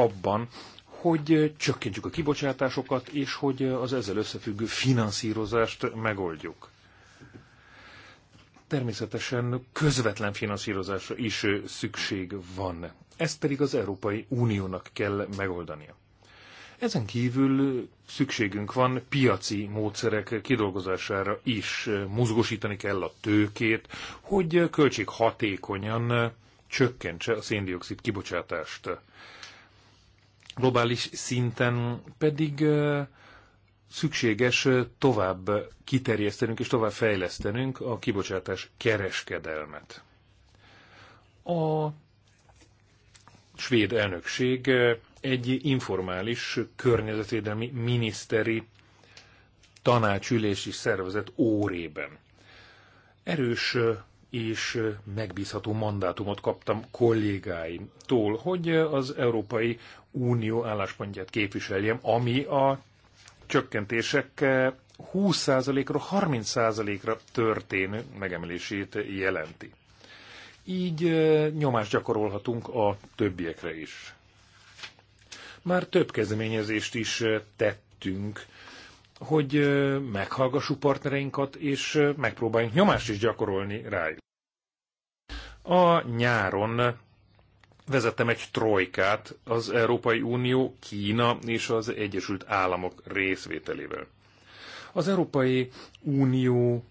abban, hogy csökkentsük a kibocsátásokat, és hogy az ezzel összefüggő finanszírozást megoldjuk. Természetesen közvetlen finanszírozásra is szükség van. Ezt pedig az Európai Uniónak kell megoldania. Ezen kívül szükségünk van piaci módszerek kidolgozására is. Mozgósítani kell a tőkét, hogy költség hatékonyan csökkentse a széndiokszid kibocsátást globális szinten pedig szükséges tovább kiterjesztenünk és tovább fejlesztenünk a kibocsátás kereskedelmet. A svéd elnökség egy informális környezetvédelmi miniszteri tanácsülési szervezet órében. Erős és megbízható mandátumot kaptam kollégáimtól, hogy az Európai Unió álláspontját képviseljem, ami a csökkentések 20%-ra, 30%-ra történő megemelését jelenti. Így nyomást gyakorolhatunk a többiekre is. Már több kezdeményezést is tettünk, hogy meghallgassuk partnereinkat, és megpróbáljunk nyomást is gyakorolni rájuk. A nyáron vezettem egy trojkát az Európai Unió, Kína és az Egyesült Államok részvételével. Az Európai Unió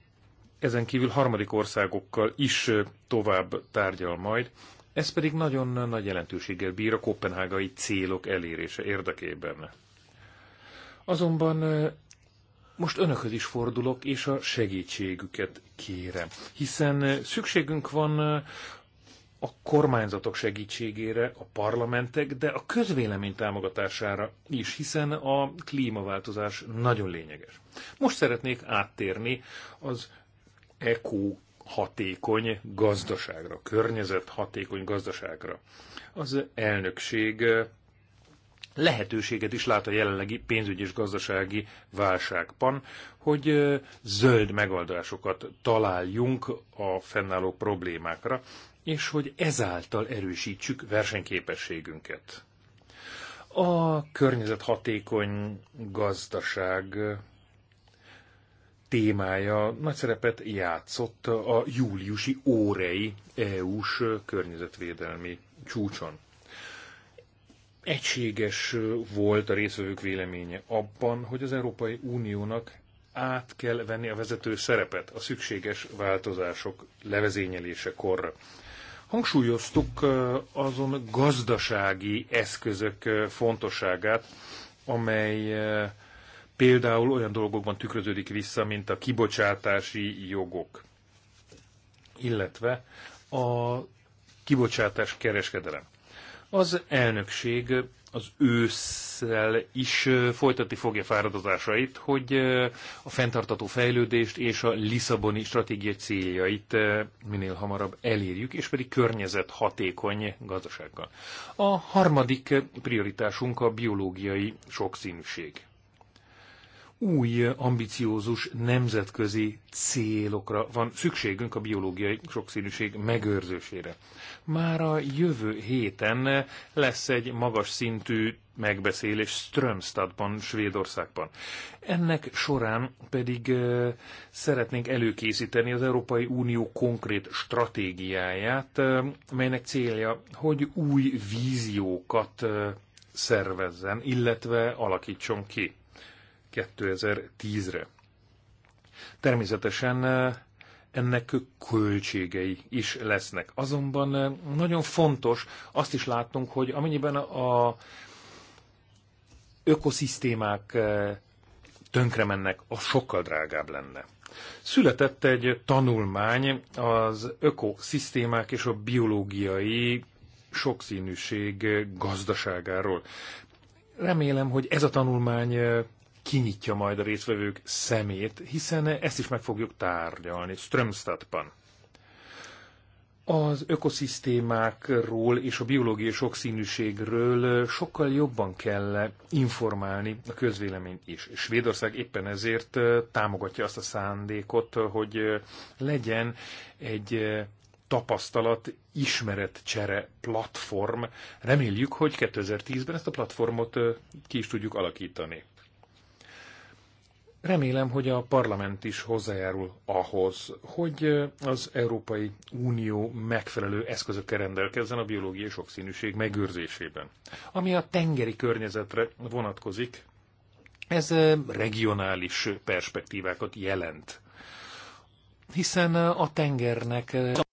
ezen kívül harmadik országokkal is tovább tárgyal majd, ez pedig nagyon nagy jelentőséggel bír a kopenhágai célok elérése érdekében. Azonban most önökhöz is fordulok, és a segítségüket kérem, hiszen szükségünk van a kormányzatok segítségére, a parlamentek, de a közvélemény támogatására is, hiszen a klímaváltozás nagyon lényeges. Most szeretnék áttérni az ECO hatékony gazdaságra, környezet hatékony gazdaságra. Az elnökség lehetőséget is lát a jelenlegi pénzügyi és gazdasági válságban, hogy zöld megoldásokat találjunk a fennálló problémákra, és hogy ezáltal erősítsük versenyképességünket. A környezethatékony gazdaság témája nagy szerepet játszott a júliusi órei EU-s környezetvédelmi csúcson egységes volt a részvevők véleménye abban, hogy az Európai Uniónak át kell venni a vezető szerepet a szükséges változások korra. Hangsúlyoztuk azon gazdasági eszközök fontosságát, amely például olyan dolgokban tükröződik vissza, mint a kibocsátási jogok, illetve a kibocsátás kereskedelem. Az elnökség az ősszel is folytatni fogja fáradozásait, hogy a fenntartató fejlődést és a Lisszaboni stratégia céljait minél hamarabb elérjük, és pedig környezet hatékony gazdasággal. A harmadik prioritásunk a biológiai sokszínűség új ambiciózus nemzetközi célokra van szükségünk a biológiai sokszínűség megőrzésére. Már a jövő héten lesz egy magas szintű megbeszélés Strömstadban, Svédországban. Ennek során pedig szeretnénk előkészíteni az Európai Unió konkrét stratégiáját, melynek célja, hogy új víziókat szervezzen, illetve alakítson ki 2010-re. Természetesen eh, ennek költségei is lesznek. Azonban eh, nagyon fontos azt is látnunk, hogy amennyiben a ökoszisztémák eh, tönkre mennek, az sokkal drágább lenne. Született egy tanulmány az ökoszisztémák és a biológiai sokszínűség gazdaságáról. Remélem, hogy ez a tanulmány kinyitja majd a résztvevők szemét, hiszen ezt is meg fogjuk tárgyalni Strömstadtban. Az ökoszisztémákról és a biológiai sokszínűségről sokkal jobban kell informálni a közvéleményt is. Svédország éppen ezért támogatja azt a szándékot, hogy legyen egy tapasztalat, ismeretcsere platform. Reméljük, hogy 2010-ben ezt a platformot ki is tudjuk alakítani. Remélem, hogy a parlament is hozzájárul ahhoz, hogy az Európai Unió megfelelő eszközökkel rendelkezzen a biológiai sokszínűség megőrzésében. Ami a tengeri környezetre vonatkozik, ez regionális perspektívákat jelent. Hiszen a tengernek